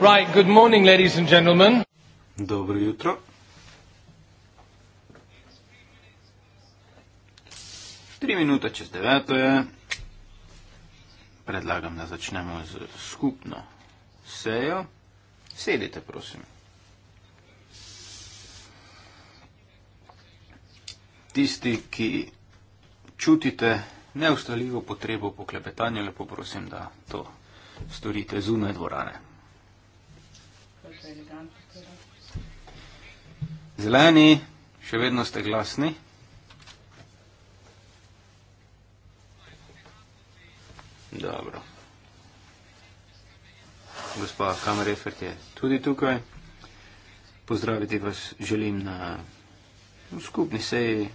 Right, good morning, ladies and gentlemen. Dobro jutro. Tri minute čez deveto je. Predlagam, da začnemo z skupno sejo. Sedite, prosim. Tisti, ki čutite neustaljivo potrebo po klepetanju, lepo prosim, da to storite zunaj dvorane. Zeleni, še vedno ste glasni. Dobro. Gospa Kamerefert je tudi tukaj. Pozdraviti vas želim na skupni seji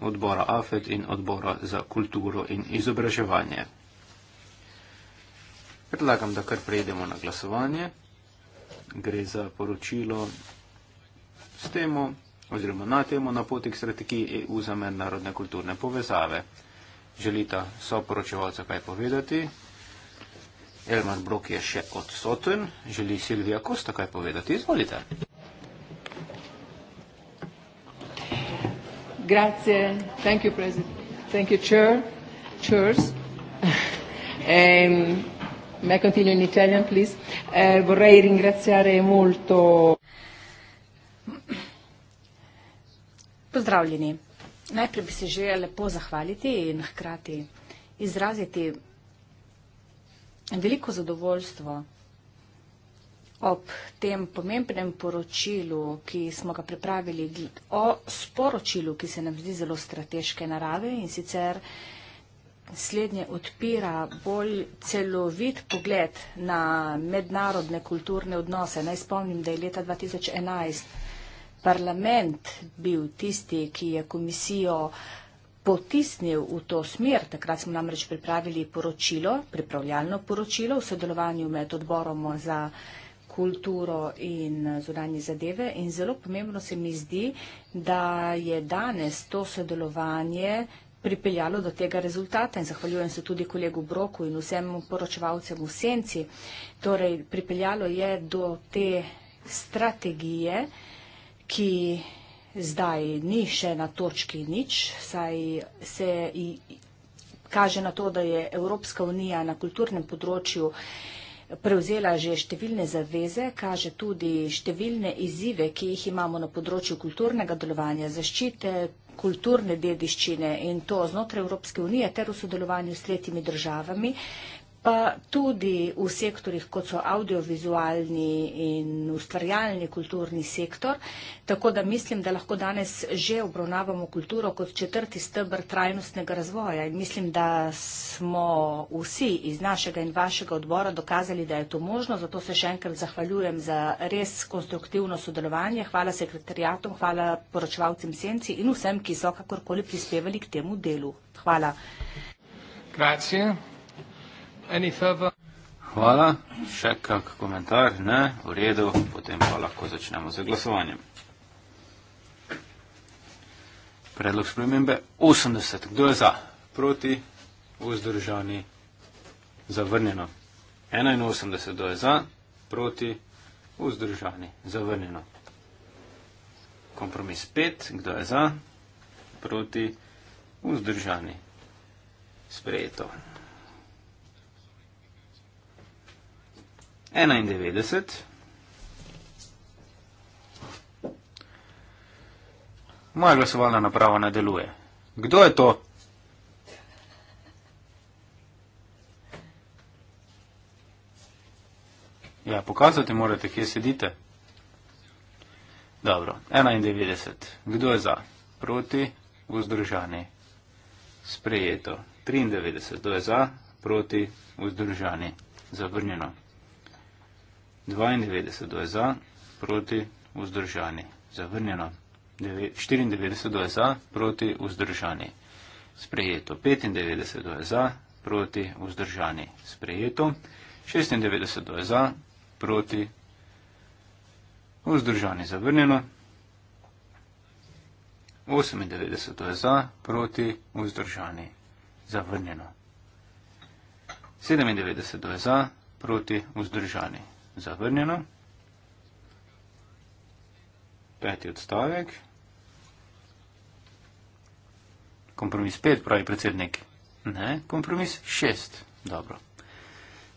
odbora AFET in odbora za kulturo in izobraževanje. Predlagam, da kar prejdemo na glasovanje. Gre za poročilo s temo oziroma na temo na poti k strategiji EU za mednarodne kulturne povezave. Želita so poročevalca kaj povedati? Elmar Brok je še odsoten. Želi Silvija Kosta kaj povedati? Izvolite. Grazie, thank you, President. thank you, Chair, Chairs. And May I continue in Italian, please? Eh, vorrei ringraziare molto. Pozdravljeni. Najprej bi se želela lepo zahvaliti in hkrati izraziti veliko zadovoljstvo ob tem pomembnem poročilu, ki smo ga pripravili, o sporočilu, ki se nam zdi zelo strateške narave in sicer slednje odpira bolj celovit pogled na mednarodne kulturne odnose. Naj spomnim, da je leta 2011 parlament bil tisti, ki je komisijo potisnil v to smer. Takrat smo namreč pripravili poročilo, pripravljalno poročilo v sodelovanju med odborom za kulturo in zunanje zadeve. In zelo pomembno se mi zdi, da je danes to sodelovanje pripeljalo do tega rezultata in zahvaljujem se tudi kolegu Broku in vsem poročevalcem v senci. Torej, pripeljalo je do te strategije, ki zdaj ni še na točki nič, saj se kaže na to, da je Evropska unija na kulturnem področju prevzela že številne zaveze, kaže tudi številne izzive, ki jih imamo na področju kulturnega delovanja, zaščite, kulturne dediščine in to znotraj Evropske unije ter v sodelovanju s tretjimi državami pa tudi v sektorjih, kot so audiovizualni in ustvarjalni kulturni sektor. Tako da mislim, da lahko danes že obravnavamo kulturo kot četrti stebr trajnostnega razvoja. In mislim, da smo vsi iz našega in vašega odbora dokazali, da je to možno. Zato se še enkrat zahvaljujem za res konstruktivno sodelovanje. Hvala sekretarjatom, hvala poročevalcem senci in vsem, ki so kakorkoli prispevali k temu delu. Hvala. Grazie. Hvala. Še kak komentar? Ne. V redu. Potem pa lahko začnemo z glasovanjem. Predlog spremembe 80. Kdo je za? Proti? Vzdržani? Zavrnjeno. 81. Kdo je za? Proti? Vzdržani? Zavrnjeno. Kompromis 5. Kdo je za? Proti? Vzdržani? Sprejeto. 91. Moja glasovalna naprava ne deluje. Kdo je to? Ja, pokazati morate, kje sedite. Dobro, 91. Kdo je za? Proti? Vzdržani. Sprejeto. 93. Kdo je za? Proti? Vzdržani. Zavrnjeno. 92 do je za, proti vzdržani. Zavrnjeno. 94 do je za, proti vzdržani. Sprejeto. 95 do je za, proti vzdržani. Sprejeto. 96 do je za, proti vzdržani. Zavrnjeno. 98 je za, proti vzdržani. Zavrnjeno. 97 je za, proti vzdržani zavrnjeno. Peti odstavek. Kompromis pet, pravi predsednik. Ne, kompromis šest. Dobro.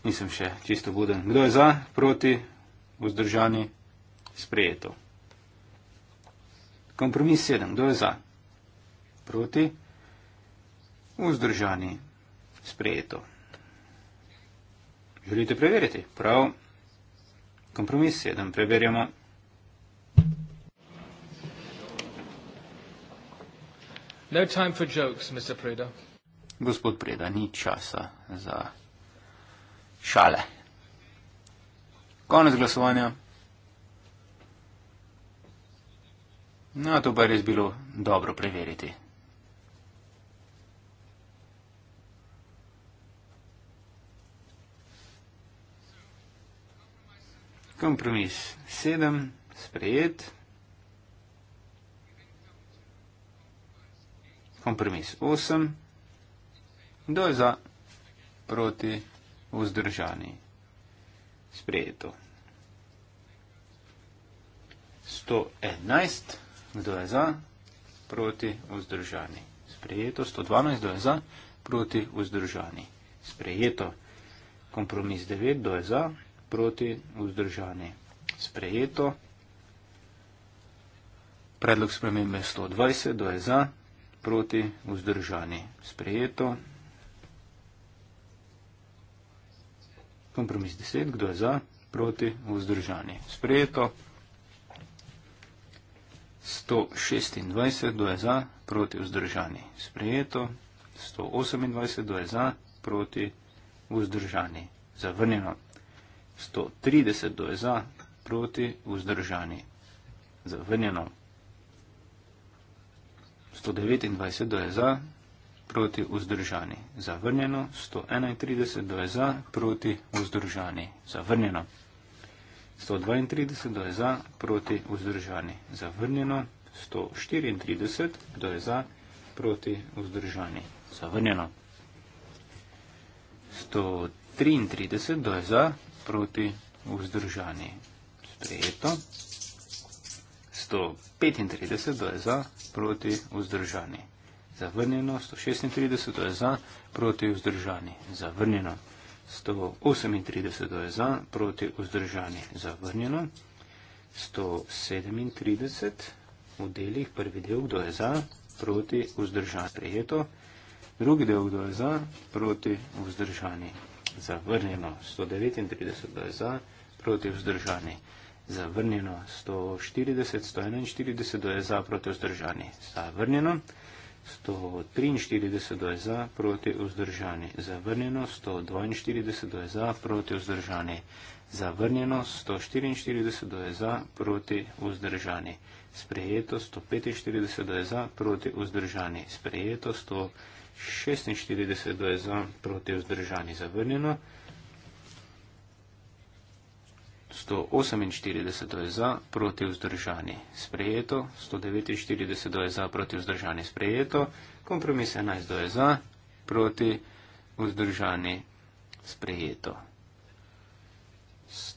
Nisem še čisto buden. Kdo je za, proti, vzdržani, sprejeto. Kompromis sedem. Kdo je za, proti, vzdržani, sprejeto. Želite preveriti? Prav kompromis 7 preverjamo. No time for jokes, Mr. Preda. Gospod Preda, ni časa za šale. Konec glasovanja. No, to bi res bilo dobro preveriti. kompromis 7, sprejet. Kompromis 8, kdo je za, proti, vzdržani, sprejeto. 111, kdo je za, proti, vzdržani, sprejeto. 112, kdo je za, proti, vzdržani, sprejeto. Kompromis 9, kdo je za, sprejeto proti vzdržani. Sprejeto. Predlog spremembe 120, do je za, proti vzdržani. Sprejeto. Kompromis 10, kdo je za, proti vzdržani. Sprejeto. 126 do je za, proti vzdržani. Sprejeto. 128 do je za, proti vzdržani. Zavrnjeno. 130 do je za, proti, vzdržani, zavrnjeno. 129 do je za, proti, vzdržani, zavrnjeno. 131 do je za, proti, vzdržani, zavrnjeno. 132 do je za, proti, vzdržani, zavrnjeno. 134 do je za, proti, vzdržani, zavrnjeno. 133 do je za, proti vzdržani. Sprejeto. 135, to je za, proti vzdržani. Zavrnjeno. 136, to je za, proti vzdržani. Zavrnjeno. 138, to je za, proti vzdržani. Zavrnjeno. 137, v delih, prvi del, kdo je za, proti vzdržani. Sprejeto. Drugi del, kdo je za, proti vzdržani zavrnjeno 139, da je za, proti vzdržani. Zavrnjeno 140, 141, da je za, proti vzdržani. Zavrnjeno 143, da je za, proti vzdržani. Zavrnjeno 142, da je za, proti vzdržani. Zavrnjeno 144, da je za, proti vzdržani. Sprejeto 145, da je za, proti vzdržani. Sprejeto 145. 46 do je za proti vzdržani zavrnjeno. 148 je za proti vzdržani sprejeto, 149 je za proti vzdržani sprejeto, kompromis 11 je za proti vzdržani sprejeto.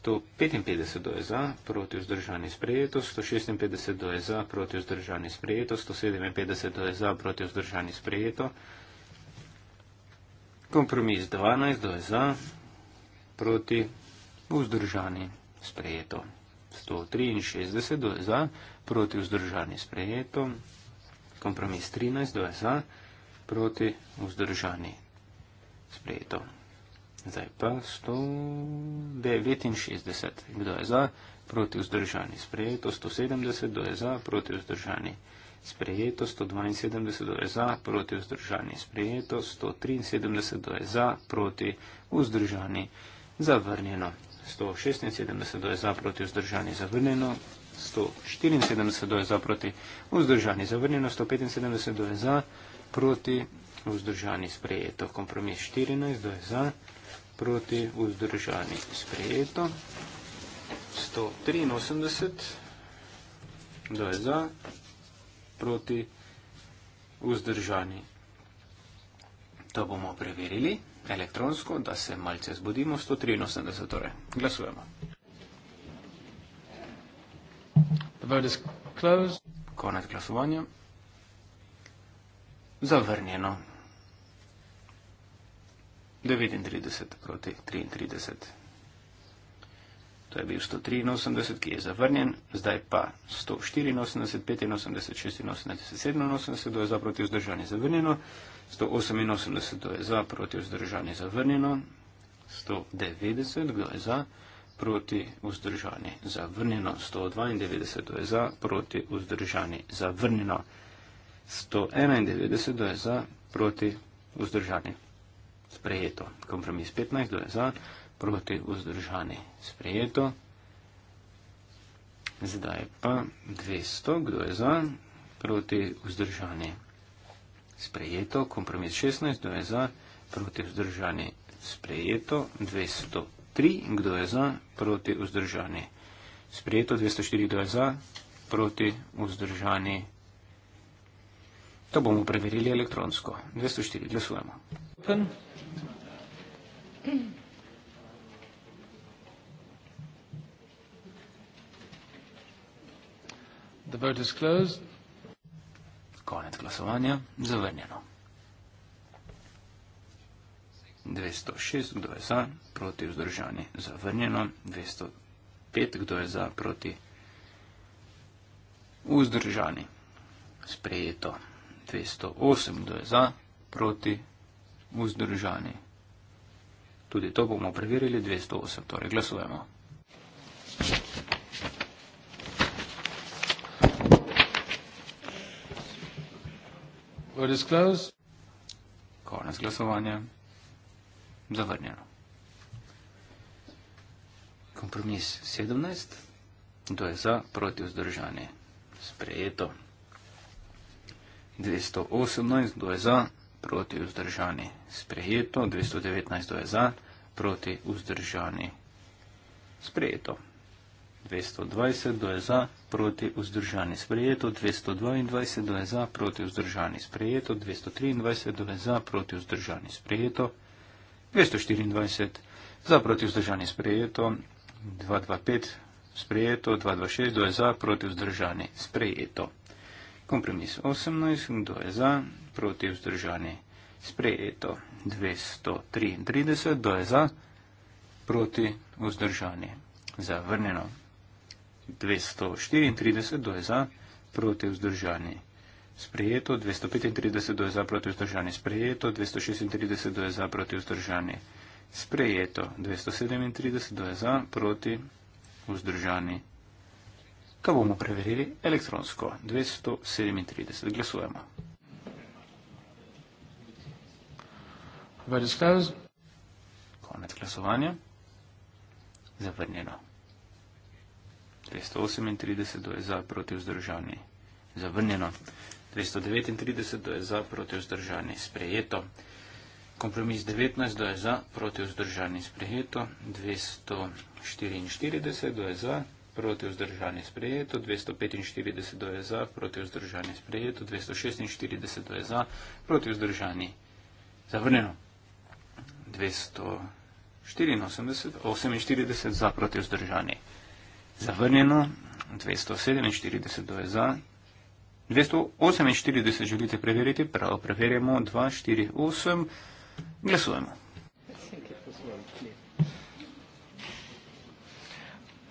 155 je za proti vzdržani sprejeto, 156 je za proti vzdržani sprejeto, 157 je za proti vzdržani sprejeto. Kompromis 12, kdo je za, proti, vzdržani, sprejeto. 163, kdo je za, proti, vzdržani, sprejeto. Kompromis 13, kdo je za, proti, vzdržani, sprejeto. Zdaj pa 169, kdo je za, proti, vzdržani, sprejeto. 170, kdo je za, proti, vzdržani, sprejeto sprejeto, 172 je za, proti vzdržani sprejeto, 173 je za, proti vzdržani zavrnjeno. 176 je za, proti vzdržani zavrnjeno, 174 je za, proti vzdržani zavrnjeno, 175 je za, proti vzdržani sprejeto. Kompromis 14 je za, proti vzdržani sprejeto, 183 je za, proti vzdržani. To bomo preverili elektronsko, da se malce zbudimo. 183, torej glasujemo. Konec glasovanja. Zavrnjeno. 39 proti 33. To je bil 183, ki je zavrnjen, zdaj pa 184, 85, 86, 87, to je za proti vzdržanje zavrnjeno, 188, to je za proti vzdržanje zavrnjeno, 190, kdo je za proti vzdržanje zavrnjeno, 192, to je za proti vzdržanje zavrnjeno, 191, to je za proti vzdržanje sprejeto, kompromis 15, to je za proti vzdržani sprejeto. Zdaj pa 200, kdo je za, proti vzdržani sprejeto, kompromis 16, kdo je za, proti vzdržani sprejeto, 203, kdo je za, proti vzdržani sprejeto, 204, kdo je za, proti vzdržani. To bomo preverili elektronsko. 204, glasujemo. Open. The vote is closed. Konec glasovanja. Zavrnjeno. 206, kdo je za, proti vzdržani. Zavrnjeno. 205, kdo je za, proti vzdržani. Sprejeto. 208, kdo je za, proti vzdržani. Tudi to bomo preverili. 208, torej glasujemo. Thank you. What is closed? Konec glasovanja. Zavrnjeno. Kompromis 17. To je za proti vzdržanje. Sprejeto. 218. To je za proti vzdržanje. Sprejeto. 219. To je za proti vzdržanje. Sprejeto. 220 do je za, proti vzdržani sprejeto, 222 do je za, proti vzdržani sprejeto, 223 do je za, proti vzdržani sprejeto, 224 za, proti vzdržani sprejeto, 225 sprejeto, 226 do je za, proti vzdržani sprejeto. Kompromis 18, kdo je za, proti vzdržani sprejeto, 233 do je za, proti vzdržani zavrnjeno. 234 do je za, proti vzdržani. Sprejeto 235 do je za, proti vzdržani. Sprejeto 236 do je za, proti vzdržani. Sprejeto 237 do je za, proti vzdržani. Ko bomo preverili elektronsko 237, glasujemo. Konec glasovanja. Zavrnjeno. 238 je za proti vzdržanje zavrnjeno. 239 je za proti vzdržanje sprejeto. Kompromis 19 je za proti vzdržanje sprejeto. 244 je za proti vzdržanje sprejeto. 245 je za proti vzdržanje sprejeto. 246 je za proti vzdržanje zavrnjeno. 284 za proti vzdržanje zavrnjeno, 247 do je za. 248 želite preveriti, prav preverjamo, 248, glasujemo.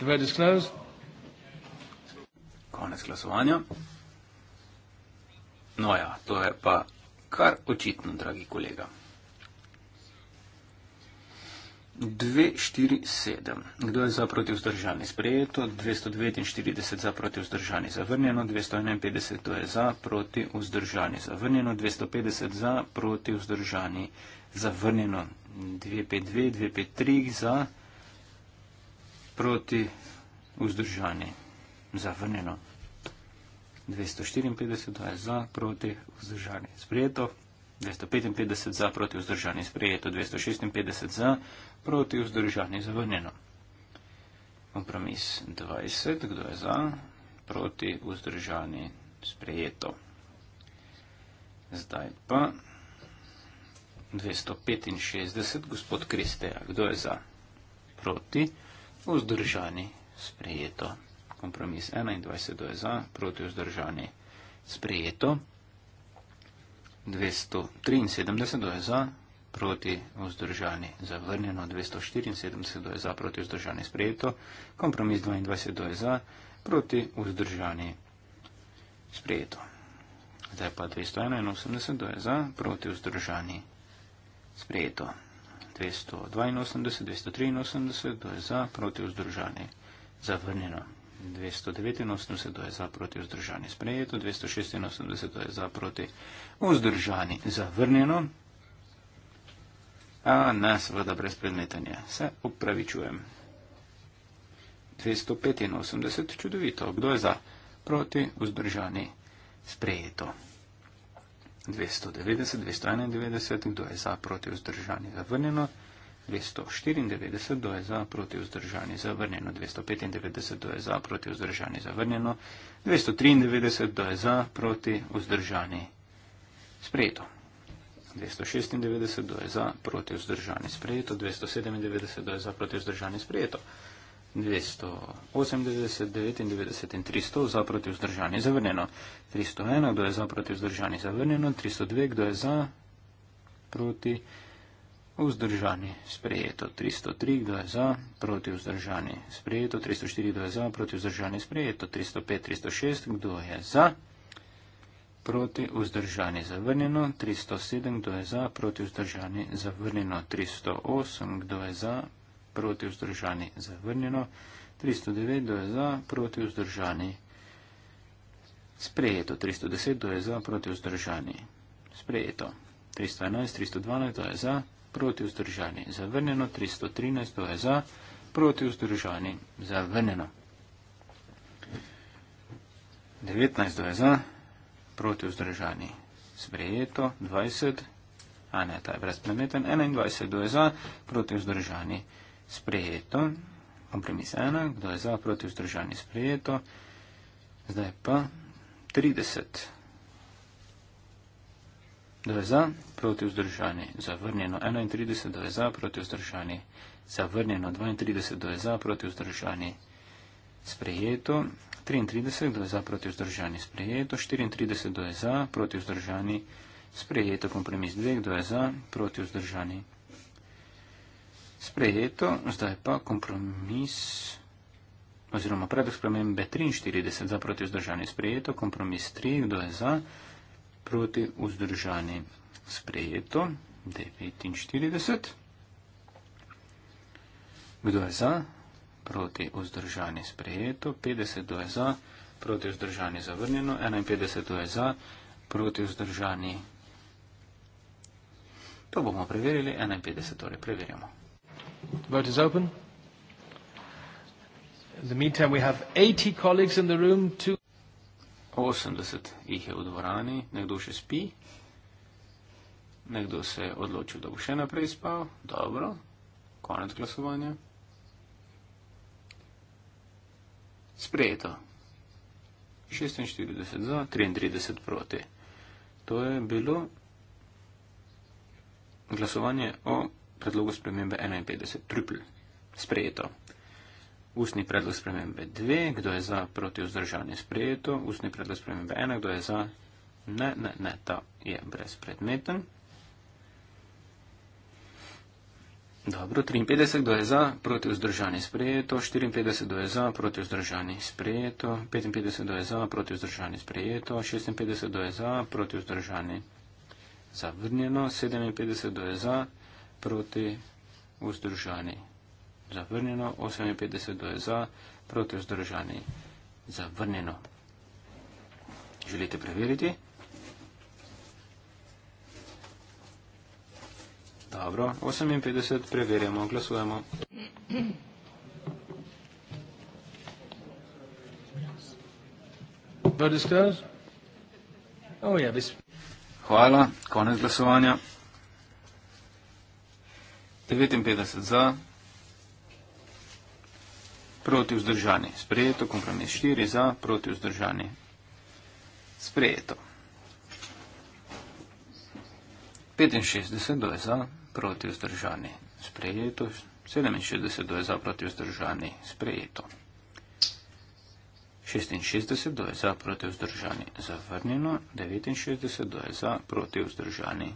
20. Konec glasovanja. No ja, to je pa kar očitno, dragi kolega. 247. Kdo je za proti vzdržani sprejeto? 249 za proti vzdržani zavrnjeno, 251 kdo je za proti vzdržani zavrnjeno, 250 za proti vzdržani zavrnjeno, 252, 253 za proti vzdržani zavrnjeno, 254 kdo je za proti vzdržani sprejeto. 255 za, proti vzdržani sprejeto, 256 za, proti vzdržani zavrnjeno. Kompromis 20, kdo je za, proti vzdržani sprejeto. Zdaj pa 265, gospod Kristeja, kdo je za, proti vzdržani sprejeto. Kompromis 21, kdo je za, proti vzdržani sprejeto. Sprejeto. 273 je za, proti vzdržani zavrnjeno, 274 je za, proti vzdržani sprejeto, kompromis 22 je za, proti vzdržani sprejeto. Zdaj pa 281 je za, proti vzdržani sprejeto. 282, 283 je za, proti vzdržani zavrnjeno. 289 je za proti vzdržani sprejeto, 286 je za proti vzdržani zavrnjeno. A ne, seveda brez predmetanja. Se upravičujem. 285, čudovito. Kdo je za proti vzdržani sprejeto? 290, 291, kdo je za proti vzdržani zavrnjeno? 294 do je za, proti vzdržanje zavrnjeno, 295 do je za, proti vzdržanje zavrnjeno, 293 do je za, proti vzdržanje sprejeto. 296 do je za, proti vzdržanje sprejeto, 297 do je za, proti vzdržanje sprejeto, 298, 99 in 300 za, proti vzdržanje zavrnjeno, 301 do je za, proti vzdržanje zavrnjeno, 302 do je za, proti vzdržanje zavrnjeno, Vzdržani sprejeto 303 glas za, proti vzdržani sprejeto 304 glas za, proti vzdržani sprejeto 305-306, kdo je za, proti vzdržani zavrnjeno 307, kdo je za, proti vzdržani zavrnjeno 308, kdo je za, proti vzdržani zavrnjeno 309, kdo je za, proti vzdržani sprejeto 310, kdo je za, proti vzdržani sprejeto 311, 312, kdo je za proti vzdržani, zavrnjeno, 313 je za, proti vzdržani, zavrnjeno. 19 je za, proti vzdržani, sprejeto, 20, a ne, ta je brezpremeten, 21 je za, proti vzdržani, sprejeto, kompromis 1, kdo je za, proti vzdržani, sprejeto, zdaj pa 30. Dveza proti vzdržani, zavrnjeno 31, dveza proti vzdržani, zavrnjeno 32, dveza proti vzdržani, sprejeto 33, dveza proti vzdržani, sprejeto 34, dveza proti vzdržani, sprejeto kompromis 2, dveza proti vzdržani, sprejeto, zdaj pa kompromis oziroma predlog spremembe 43, za proti vzdržani, sprejeto kompromis 3, dveza proti vzdržani, proti vzdržani sprejeto 49. Kdo je za? Proti vzdržani sprejeto 50. Kdo je za? Proti vzdržani zavrnjeno 51. Kdo je za? Proti vzdržani. To bomo preverili 51. Torej preverjamo. Vote is open. In the meantime, we have 80 colleagues in the room. Two 80 jih je v dvorani, nekdo še spi, nekdo se je odločil, da bo še naprej spal, dobro, konec glasovanja. Sprejeto. 46 za, 33 proti. To je bilo glasovanje o predlogu spremembe 51, triple. Sprejeto. Ustni predlog spremembe 2, kdo je za proti vzdržanje sprejeto, ustni predlog spremembe 1, kdo je za ne, ne, ne, ta je brezpredmeten. Dobro, 53, kdo je za proti vzdržanje sprejeto, 54, kdo je za proti vzdržanje sprejeto, 55, kdo je za proti vzdržanje sprejeto, 56, kdo je za proti vzdržanje zavrnjeno, 57, kdo je za proti vzdržanje sprejeto zavrnjeno, 58 je za, proti vzdržani, zavrnjeno. Želite preveriti? Dobro, 58, preverjamo, glasujemo. Oh, Hvala, konec glasovanja. 59 za, proti vzdržani. Sprejeto, kompromis 4 za, proti vzdržani. Sprejeto. 65 do je za, proti vzdržani. Sprejeto. 67 do je za, proti vzdržani. Sprejeto. 66 do je za, proti vzdržani. Zavrnjeno. 69 do je za, proti vzdržani.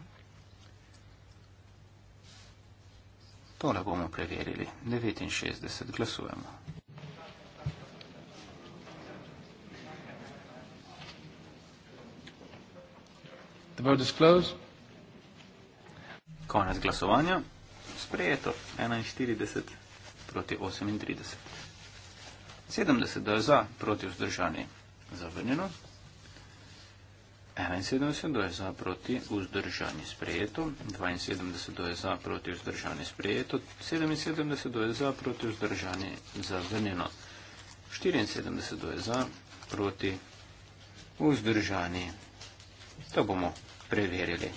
Tole bomo preverili. 69 glasujemo. The vote is closed. Konec glasovanja. Sprejeto. 41 proti 38. 70 do je za, proti vzdržani. Zavrnjeno. 71 do je za proti vzdržani sprejeto, 72 do je za proti vzdržani sprejeto, 77 do je za proti vzdržani zavrnjeno, 74 do je za proti vzdržani. To bomo preverili.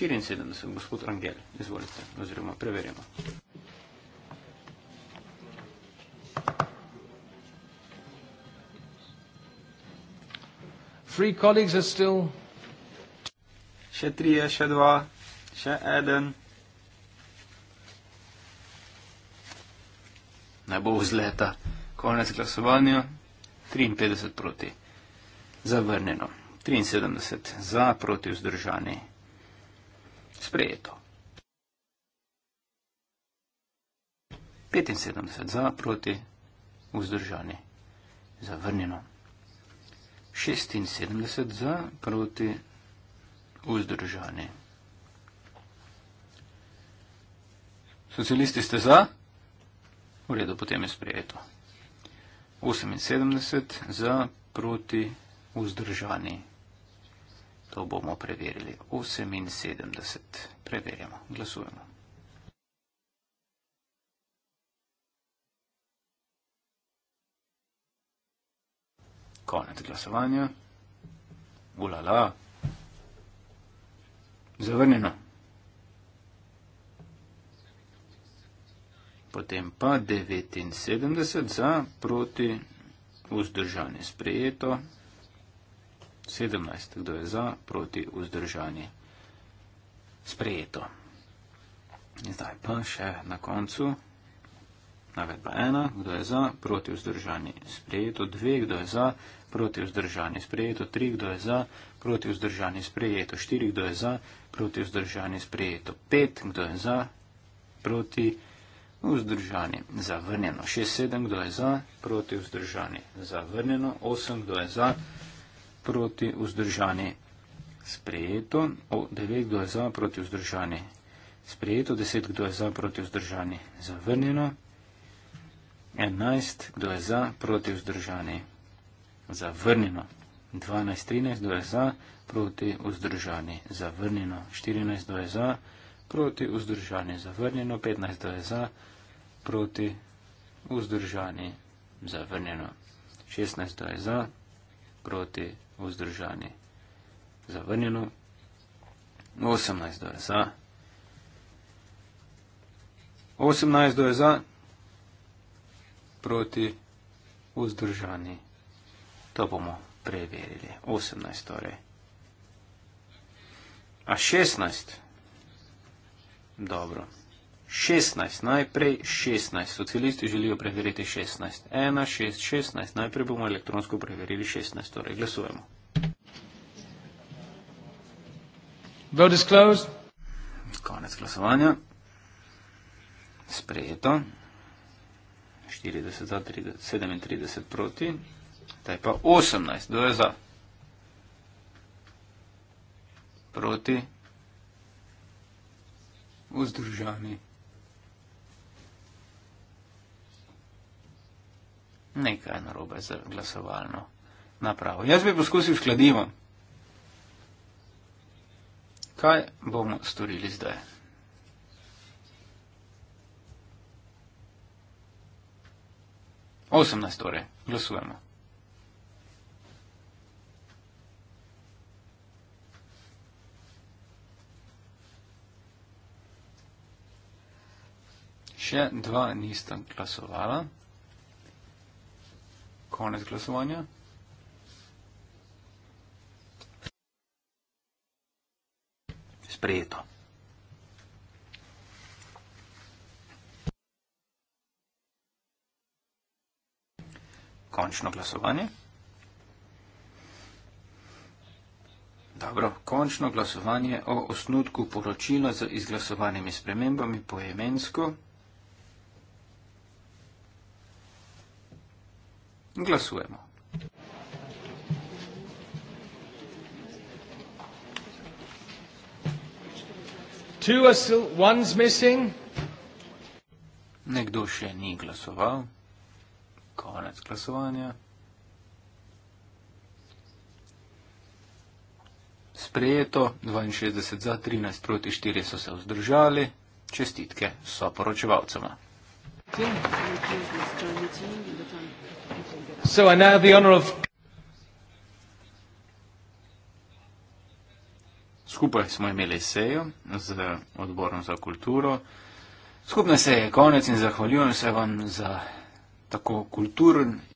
74, gospod Rangel, izvolite, oziroma preverimo. three colleagues are still. Še trije, še dva, še eden. Ne bo vzleta. Konec glasovanja. 53 proti. Zavrnjeno. 73 za proti vzdržani. Sprejeto. 75 za proti vzdržani. Zavrnjeno. 76 za, proti vzdržani. Socialisti ste za? V redu, potem je sprejeto. 78 za, proti vzdržani. To bomo preverili. 78. Preverjamo. Glasujemo. Konec glasovanja. Ulala. Zavrnjeno. Potem pa 79 za, proti, vzdržanje sprejeto. 17, kdo je za, proti, vzdržanje sprejeto. In zdaj pa še na koncu. Navedba ena, kdo je za, proti vzdržanje sprejeto, dve, kdo je za, proti vzdržanje sprejeto, tri, kdo je za, proti vzdržanje sprejeto, štiri, kdo je za, proti vzdržanje sprejeto, pet, kdo je za, proti vzdržanje zavrnjeno, šest, sedem, kdo je za, proti vzdržanje zavrnjeno, osem, kdo je za, proti vzdržanje sprejeto, o, devet, kdo je za, proti vzdržanje sprejeto, deset, kdo je za, proti vzdržanje zavrnjeno. 11, kdo je za, proti vzdržani, zavrnjeno. 12, 13, kdo je za, proti vzdržani, zavrnjeno. 14, kdo je za, proti vzdržani, zavrnjeno. 15, kdo je za, proti vzdržani, zavrnjeno. 16, kdo je za, proti vzdržani, zavrnjeno. 18, kdo je za, 18, kdo je za, proti vzdržani. To bomo preverili. 18 torej. A 16? Dobro. 16, najprej 16. Socialisti želijo preveriti 16. 1, 6, 16. Najprej bomo elektronsko preverili 16. Torej, glasujemo. Vote is closed. Konec glasovanja. Sprejeto. 40 za, 30, 37 proti. Ta je pa 18. Kdo je za? Proti. Vzdržani. Nekaj narobe za glasovalno napravo. Jaz bi poskusil skladivo. Kaj bomo storili zdaj? 18 torej, glasujemo. Še dva nista glasovala. Konec glasovanja. Sprejeto. končno glasovanje. Dobro, končno glasovanje o osnutku poročila z izglasovanimi spremembami po imensko. Glasujemo. Two are still, one's missing. Nekdo še ni glasoval konec glasovanja. Sprejeto, 62 za, 13 proti 4 so se vzdržali. Čestitke so poročevalcema. Skupaj smo imeli sejo z odborom za kulturo. Skupna seja je konec in zahvaljujem se vam za tako kulturen